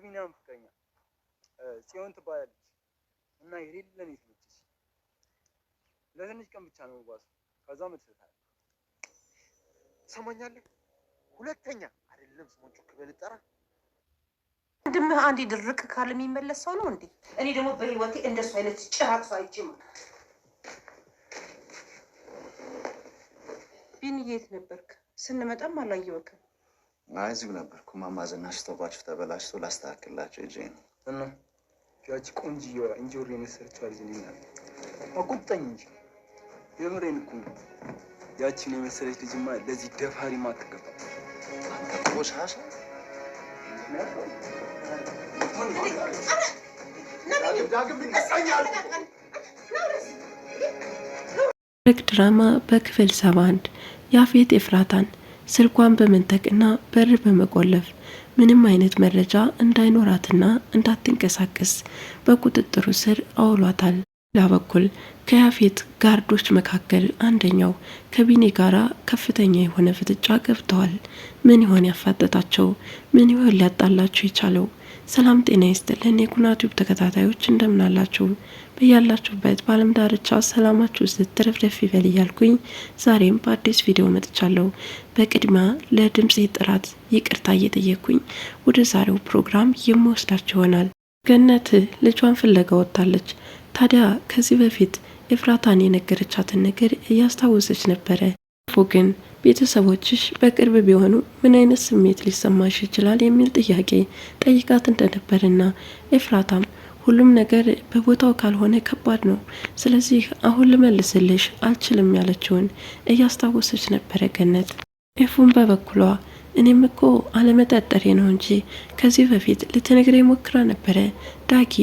የቢኒያም ፍቅረኛ ጽዮን ትባላለች እና የሌለ ነው የትምህርት ለትንሽ ቀን ብቻ ነው ጓዝ ከዛ ምትፈታል ሰማኛለህ። ሁለተኛ አይደለም ስሞን ጮክ በል ጠራ ወንድምህ አንዴ ድርቅ ካለ የሚመለስ ሰው ነው እንዴ? እኔ ደግሞ በህይወቴ እንደሱ አይነት ጭራቅ ሰው አይቼም ቢኒ፣ የት ነበርክ? ስንመጣም አላየሁህም። እዚሁ ነበርኩ። ማማ ዝናሽ ስቶቫችሁ ተበላሽቶ ላስተካክላቸው እጄ ነው እና ያቺ ቆንጅዬዋ እንጆሪ የመሰለችው ልጅ አቆጣኝ እንጂ የምሬን እኮ ያቺን የመሰለች ልጅማ ለዚህ ደፋሪ ማትገባ ቆሻሻ ድራማ በክፍል ሰባ አንድ ያፌት ኤፍራታን ስልኳን በመንጠቅና በር በመቆለፍ ምንም አይነት መረጃ እንዳይኖራትና እንዳትንቀሳቀስ በቁጥጥሩ ስር አውሏታል። ሌላ በኩል ከያፌት ጋርዶች መካከል አንደኛው ከቢኔ ጋራ ከፍተኛ የሆነ ፍጥጫ ገብተዋል። ምን ይሆን ያፋጠጣቸው? ምን ይሆን ሊያጣላቸው የቻለው? ሰላም ጤና ይስጥልን የጉና ቲዩብ ተከታታዮች እንደምን አላችሁ? በያላችሁበት በአለም ዳርቻ ሰላማችሁ ስትረፍረፍ ይበል እያልኩኝ ዛሬም በአዲስ ቪዲዮ መጥቻለሁ። በቅድሚያ ለድምፅ ጥራት ይቅርታ እየጠየኩኝ ወደ ዛሬው ፕሮግራም የምወስዳችሁ ይሆናል። ገነት ልጇን ፍለጋ ወጥታለች። ታዲያ ከዚህ በፊት ኤፍራታን የነገረቻትን ነገር እያስታወሰች ነበረ። ግን ቤተሰቦችሽ በቅርብ ቢሆኑ ምን አይነት ስሜት ሊሰማሽ ይችላል የሚል ጥያቄ ጠይቃት እንደነበርና ኤፍራታም ሁሉም ነገር በቦታው ካልሆነ ከባድ ነው፣ ስለዚህ አሁን ልመልስልሽ አልችልም ያለችውን እያስታወሰች ነበረ ገነት። ኤፉን በበኩሏ እኔም እኮ አለመጠጠሬ ነው እንጂ ከዚህ በፊት ልትነግረኝ ሞክራ ነበረ ዳጊ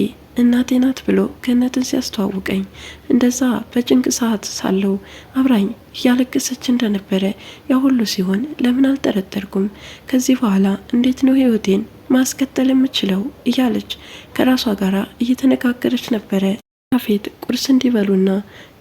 እናቴ ናት ብሎ ገነትን ሲያስተዋውቀኝ እንደዛ በጭንቅ ሰዓት ሳለው አብራኝ እያለቀሰች እንደነበረ ያ ሁሉ ሲሆን ለምን አልጠረጠርኩም? ከዚህ በኋላ እንዴት ነው ህይወቴን ማስቀጠል የምችለው? እያለች ከራሷ ጋር እየተነጋገረች ነበረ። ያፌት ቁርስ እንዲበሉና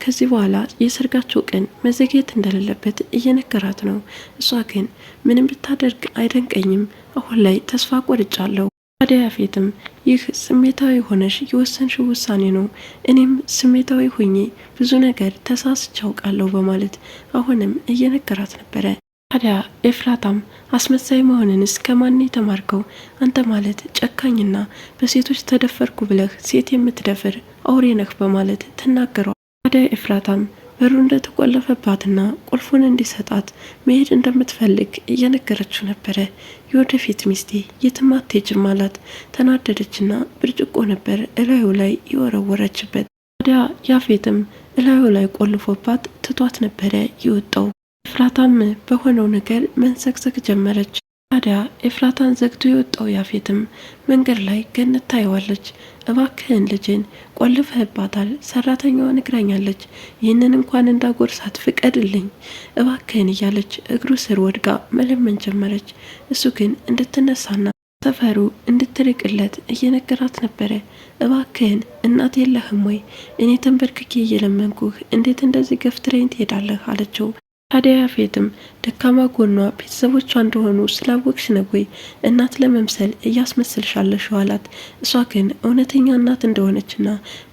ከዚህ በኋላ የሰርጋቸው ቀን መዘግየት እንደሌለበት እየነገራት ነው። እሷ ግን ምንም ብታደርግ አይደንቀኝም፣ አሁን ላይ ተስፋ ቆርጫለሁ ታዲያ ያፌትም ይህ ስሜታዊ ሆነሽ የወሰንሽ ውሳኔ ነው፣ እኔም ስሜታዊ ሆኜ ብዙ ነገር ተሳስቼ አውቃለሁ በማለት አሁንም እየነገራት ነበረ። ታዲያ ኤፍራታም አስመሳይ መሆንንስ ከማን የተማርከው? አንተ ማለት ጨካኝና በሴቶች ተደፈርኩ ብለህ ሴት የምትደፍር አውሬ ነህ በማለት ትናገረዋል። ታዲያ ኤፍራታም በሩ እንደተቆለፈባትና ቁልፉን እንዲሰጣት መሄድ እንደምትፈልግ እየነገረችው ነበረ። የወደፊት ሚስቴ የትም አትሄጂም አላት። ተናደደችና ብርጭቆ ነበር እላዩ ላይ የወረወረችበት። ታዲያ ያፌትም እላዩ ላይ ቆልፎባት ትቷት ነበረ ይወጣው ኤፍራታም በሆነው ነገር መንሰክሰክ ጀመረች። ታዲያ ኤፍራታን ዘግቶ የወጣው ያፌትም መንገድ ላይ ገነት ታየዋለች። እባክህን ልጅን ቆልፈህባታል፣ ሰራተኛዋ ንግራኛለች፣ ይህንን እንኳን እንዳጎርሳት ፍቀድልኝ እባክህን እያለች እግሩ ስር ወድቃ መለመን ጀመረች። እሱ ግን እንድትነሳና ሰፈሩ እንድትርቅለት እየነገራት ነበረ። እባክህን እናት የለህም ወይ? እኔ ተንበርክኬ እየለመንኩህ እንዴት እንደዚህ ገፍትረኝ ትሄዳለህ? አለችው። ታዲያ ያፌትም ደካማ ጎኗ ቤተሰቦቿ እንደሆኑ ስላወቅሽ ነው ወይ እናት ለመምሰል እያስመስልሻለሽ አላት። እሷ ግን እውነተኛ እናት እንደሆነችና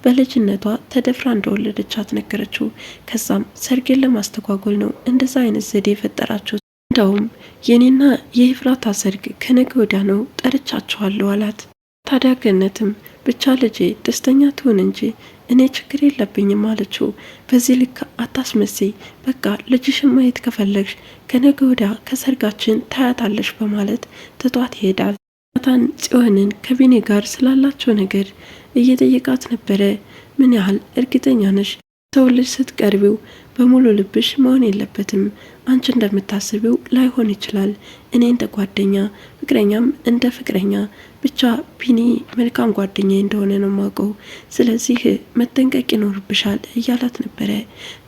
በልጅነቷ ተደፍራ እንደወለደቻት ነገረችው። ከዛም ሰርጌን ለማስተጓጎል ነው እንደዛ አይነት ዘዴ የፈጠራችሁት። እንደውም የኔና የኤፍራታ ሰርግ ከነገ ወዲያ ነው ጠርቻችኋለሁ አላት። ታዲያ ገነትም ብቻ ልጄ ደስተኛ ትሁን እንጂ እኔ ችግር የለብኝም አለችው። በዚህ ልክ አታስመስይ፣ በቃ ልጅሽን ማየት ከፈለግሽ ከነገ ወዲያ ከሰርጋችን ታያታለሽ በማለት ትቷት ይሄዳል። ናታን ጽዮንን ከቢኔ ጋር ስላላቸው ነገር እየጠየቃት ነበረ። ምን ያህል እርግጠኛ ነሽ? ሰው ልጅ ስትቀርቢው በሙሉ ልብሽ መሆን የለበትም። አንቺ እንደምታስቢው ላይሆን ይችላል። እኔ እንደ ጓደኛ፣ ፍቅረኛም እንደ ፍቅረኛ ብቻ ቢኒ መልካም ጓደኛ እንደሆነ ነው ማውቀው። ስለዚህ መጠንቀቅ ይኖርብሻል እያላት ነበረ።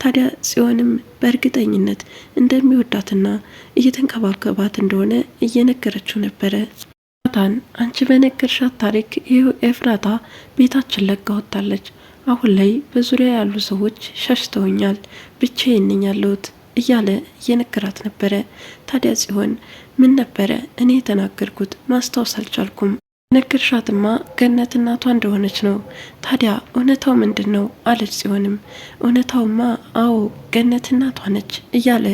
ታዲያ ጽዮንም በእርግጠኝነት እንደሚወዳትና እየተንከባከባት እንደሆነ እየነገረችው ነበረ። ናታን አንቺ በነገርሻት ታሪክ ይህ ኤፍራታ ቤታችን ለጋ ወጥታለች አሁን ላይ በዙሪያ ያሉ ሰዎች ሸሽተውኛል፣ ብቻዬን ነኝ ያለሁት እያለ እየነገራት ነበረ። ታዲያ ጽሆን ምን ነበረ እኔ የተናገርኩት ማስታወስ አልቻልኩም። ነገርሻትማ ገነት እናቷ እንደሆነች ነው። ታዲያ እውነታው ምንድን ነው አለች ጽሆንም። እውነታውማ አዎ ገነት እናቷ ነች እያለ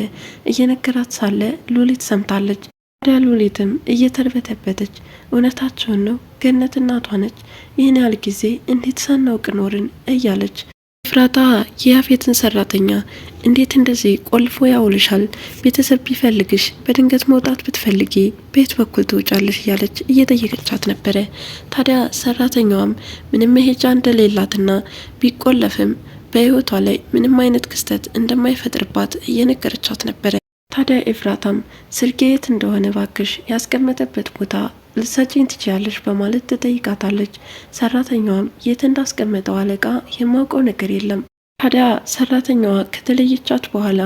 እየነገራት ሳለ ሉሊት ሰምታለች። ታዲያ ሉሊትም እየተርበተበተች እውነታቸውን ነው ገነት እናቷ ነች፣ ይህን ያህል ጊዜ እንዴት ሳናውቅ ኖርን እያለች ኤፍራታ የያፌትን ሰራተኛ እንዴት እንደዚህ ቆልፎ ያውልሻል? ቤተሰብ ቢፈልግሽ በድንገት መውጣት ብትፈልጊ በየት በኩል ትውጫለሽ? እያለች እየጠየቀቻት ነበረ። ታዲያ ሰራተኛዋም ምንም መሄጃ እንደሌላትና ቢቆለፍም በህይወቷ ላይ ምንም አይነት ክስተት እንደማይፈጥርባት እየነገረቻት ነበረ። ታዲያ ኤፍራታም ስልኬ የት እንደሆነ ባክሽ ያስቀመጠበት ቦታ ልትሰጪኝ ትችያለሽ በማለት ትጠይቃታለች። ሰራተኛዋም የት እንዳስቀመጠው አለቃ የማውቀው ነገር የለም። ታዲያ ሰራተኛዋ ከተለየቻት በኋላ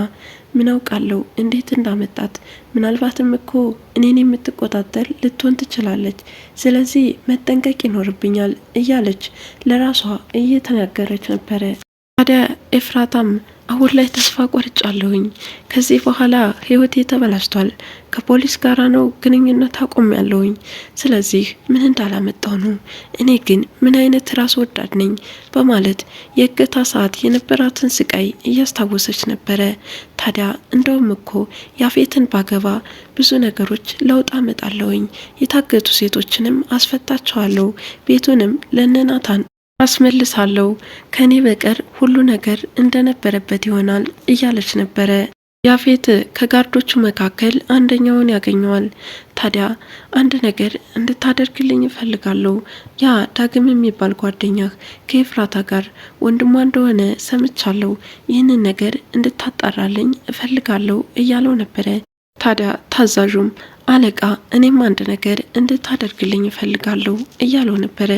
ምን አውቃለሁ እንዴት እንዳመጣት፣ ምናልባትም እኮ እኔን የምትቆጣጠር ልትሆን ትችላለች፣ ስለዚህ መጠንቀቅ ይኖርብኛል እያለች ለራሷ እየተናገረች ነበረ። ታዲያ ኤፍራታም አሁን ላይ ተስፋ ቆርጫለሁኝ። ከዚህ በኋላ ህይወቴ ተበላሽቷል። ከፖሊስ ጋር ነው ግንኙነት አቁም ያለሁኝ። ስለዚህ ምን እንዳላመጣው ነው። እኔ ግን ምን አይነት ራስ ወዳድ ነኝ በማለት የእገታ ሰዓት የነበራትን ስቃይ እያስታወሰች ነበረ። ታዲያ እንደውም እኮ ያፌትን ባገባ ብዙ ነገሮች ለውጥ አመጣለሁኝ፣ የታገቱ ሴቶችንም አስፈታቸዋለሁ፣ ቤቱንም ለነናታን አስመልሳለሁ ከእኔ በቀር ሁሉ ነገር እንደነበረበት ይሆናል እያለች ነበረ። ያፌት ከጋርዶቹ መካከል አንደኛውን ያገኘዋል። ታዲያ አንድ ነገር እንድታደርግልኝ እፈልጋለሁ፣ ያ ዳግም የሚባል ጓደኛህ ከኤፍራታ ጋር ወንድሟ እንደሆነ ሰምቻለሁ፣ ይህንን ነገር እንድታጣራልኝ እፈልጋለሁ እያለው ነበረ። ታዲያ ታዛዡም አለቃ እኔም አንድ ነገር እንድታደርግልኝ እፈልጋለሁ እያለው ነበረ።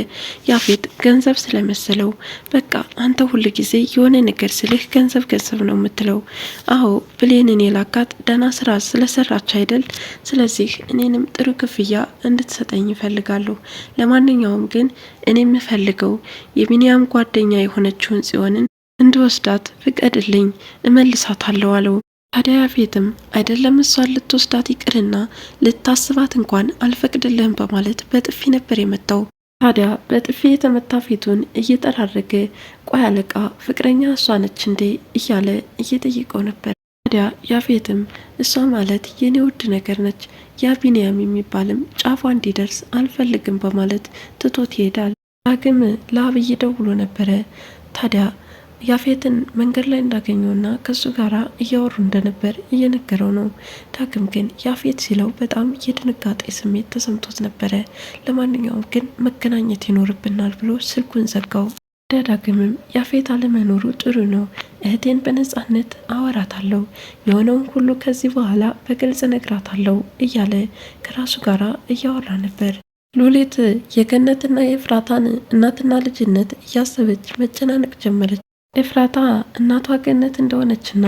ያፌት ገንዘብ ስለመሰለው በቃ አንተ ሁል ጊዜ የሆነ ነገር ስልህ ገንዘብ ገንዘብ ነው የምትለው። አዎ ብሌንን የላካት ደህና ስራ ስለሰራች አይደል? ስለዚህ እኔንም ጥሩ ክፍያ እንድትሰጠኝ እፈልጋለሁ። ለማንኛውም ግን እኔ የምፈልገው የቢንያም ጓደኛ የሆነችውን ጽዮንን እንድወስዳት ፍቀድልኝ፣ እመልሳታለሁ አለው። ታዲያ ያፌትም አይደለም እሷን ልትወስዳት ይቅርና ልታስባት እንኳን አልፈቅድልህም በማለት በጥፊ ነበር የመታው። ታዲያ በጥፊ የተመታ ፊቱን እየጠራረገ ቆይ አለቃ ፍቅረኛ እሷ ነች እንዴ እያለ እየጠየቀው ነበር። ታዲያ ያፌትም እሷ ማለት የኔ ውድ ነገር ነች፣ ያ ቢንያም የሚባልም ጫፏ እንዲደርስ አልፈልግም በማለት ትቶት ይሄዳል። ዳግም ለአብይ ደውሎ ነበረ። ታዲያ ያፌትን መንገድ ላይ እንዳገኘውና ከሱ ጋር እያወሩ እንደነበር እየነገረው ነው። ዳግም ግን ያፌት ሲለው በጣም የድንጋጤ ስሜት ተሰምቶት ነበረ። ለማንኛውም ግን መገናኘት ይኖርብናል ብሎ ስልኩን ዘጋው። ዳግምም ያፌት አለመኖሩ ጥሩ ነው፣ እህቴን በነጻነት አወራታለሁ፣ የሆነውን ሁሉ ከዚህ በኋላ በግልጽ ነግራታለሁ እያለ ከራሱ ጋር እያወራ ነበር። ሉሌት የገነትና የፍራታን እናትና ልጅነት እያሰበች መጨናነቅ ጀመረች። ኤፍራታ እናቷ ገነት እንደሆነችና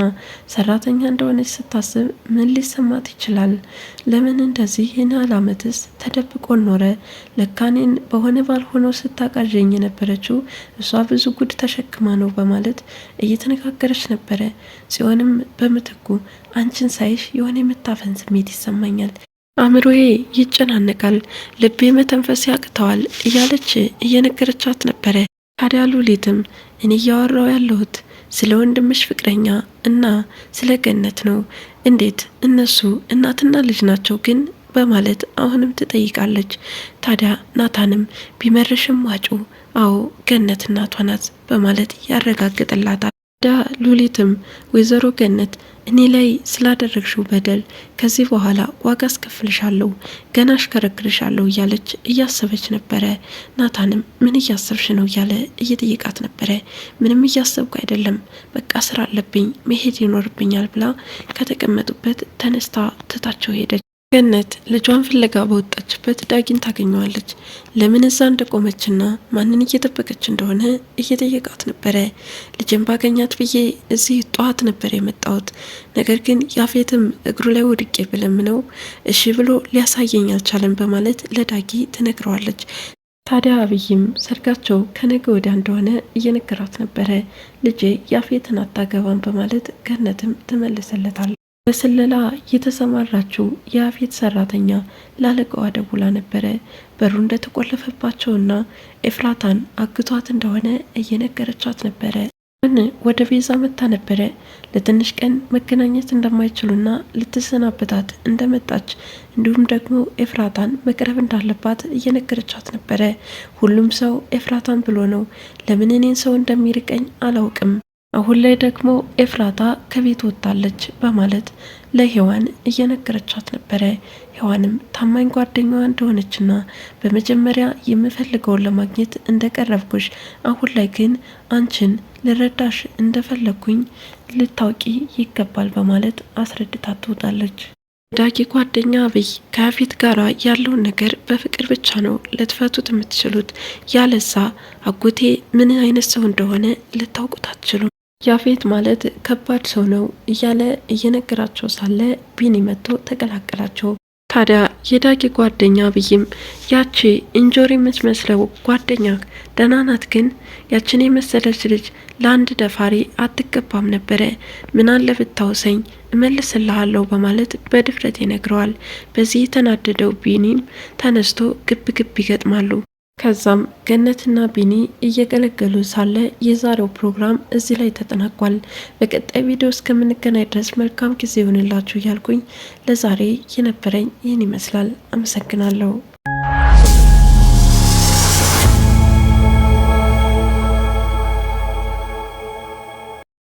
ሰራተኛ እንደሆነች ስታስብ ምን ሊሰማት ይችላል? ለምን እንደዚህ ይህን ያህል አመትስ ተደብቆ ኖረ? ለካኔን በሆነ ባል ሆኖ ስታቃዣኝ የነበረችው እሷ ብዙ ጉድ ተሸክማ ነው በማለት እየተነጋገረች ነበረ። ጽዮንም በምትኩ አንቺን ሳይሽ የሆነ የመታፈን ስሜት ይሰማኛል አእምሮዬ ይጨናነቃል፣ ልቤ መተንፈስ ያቅተዋል እያለች እየነገረቻት ነበረ። ታዲያ ሉሊትም እኔ እያወራው ያለሁት ስለ ወንድምሽ ፍቅረኛ እና ስለ ገነት ነው፣ እንዴት እነሱ እናትና ልጅ ናቸው ግን በማለት አሁንም ትጠይቃለች። ታዲያ ናታንም ቢመረሽም ዋጩ፣ አዎ ገነት እናቷ ናት በማለት ያረጋግጥላታል። ታዲያ ሉሊትም ወይዘሮ ገነት እኔ ላይ ስላደረግሽው በደል ከዚህ በኋላ ዋጋ አስከፍልሻለሁ፣ ገና አሽከረክርሻለሁ እያለች እያሰበች ነበረ። ናታንም ምን እያሰብሽ ነው እያለ እየጠየቃት ነበረ። ምንም እያሰብኩ አይደለም፣ በቃ ስራ አለብኝ መሄድ ይኖርብኛል ብላ ከተቀመጡበት ተነስታ ትታቸው ሄደች። ገነት ልጇን ፍለጋ በወጣችበት ዳጊን ታገኘዋለች። ለምን እዛ እንደቆመችና ማንን እየጠበቀች እንደሆነ እየጠየቃት ነበረ። ልጅን ባገኛት ብዬ እዚህ ጠዋት ነበር የመጣሁት፣ ነገር ግን ያፌትም እግሩ ላይ ወድቄ ብለምነው እሺ ብሎ ሊያሳየኝ አልቻለም በማለት ለዳጊ ትነግረዋለች። ታዲያ አብይም ሰርጋቸው ከነገ ወዲያ እንደሆነ እየነገራት ነበረ። ልጄ ያፌትን አታገባም በማለት ገነትም ትመልሰለታል። በስለላ የተሰማራችው የአፌት ሰራተኛ ላለቃዋ ደውላ ነበረ። በሩ እንደተቆለፈባቸውና ኤፍራታን አግቷት እንደሆነ እየነገረቻት ነበረ። ምን ወደ ቤዛ መታ ነበረ። ለትንሽ ቀን መገናኘት እንደማይችሉና ልትሰናበታት እንደመጣች እንዲሁም ደግሞ ኤፍራታን መቅረብ እንዳለባት እየነገረቻት ነበረ። ሁሉም ሰው ኤፍራታን ብሎ ነው። ለምን እኔን ሰው እንደሚርቀኝ አላውቅም አሁን ላይ ደግሞ ኤፍራታ ከቤት ወጣለች በማለት ለሔዋን እየነገረቻት ነበረ። ሔዋንም ታማኝ ጓደኛዋ እንደሆነችና በመጀመሪያ የምፈልገውን ለማግኘት እንደቀረብኩሽ፣ አሁን ላይ ግን አንቺን ልረዳሽ እንደፈለግኩኝ ልታውቂ ይገባል በማለት አስረድታ ትወጣለች። ዳጊ ጓደኛ አብይ ከያፌት ጋር ያለውን ነገር በፍቅር ብቻ ነው ልትፈቱት የምትችሉት፣ ያለዛ አጎቴ ምን አይነት ሰው እንደሆነ ልታውቁት ያፌት ማለት ከባድ ሰው ነው እያለ እየነገራቸው ሳለ ቢኒ መጥቶ ተቀላቀላቸው። ታዲያ የዳጊ ጓደኛ ብይም ያቺ እንጆሪ የምትመስለው ጓደኛ ደህና ናት፣ ግን ያችን የመሰለች ልጅ ለአንድ ደፋሪ አትገባም ነበረ። ምናለ ብታውሰኝ እመልስልሃለሁ በማለት በድፍረት ይነግረዋል። በዚህ የተናደደው ቢኒም ተነስቶ ግብ ግብ ይገጥማሉ። ከዛም ገነትና ቢኒ እየገለገሉ ሳለ የዛሬው ፕሮግራም እዚህ ላይ ተጠናቋል። በቀጣይ ቪዲዮ እስከምንገናኝ ድረስ መልካም ጊዜ ይሆንላችሁ እያልኩኝ ለዛሬ የነበረኝ ይህን ይመስላል። አመሰግናለሁ።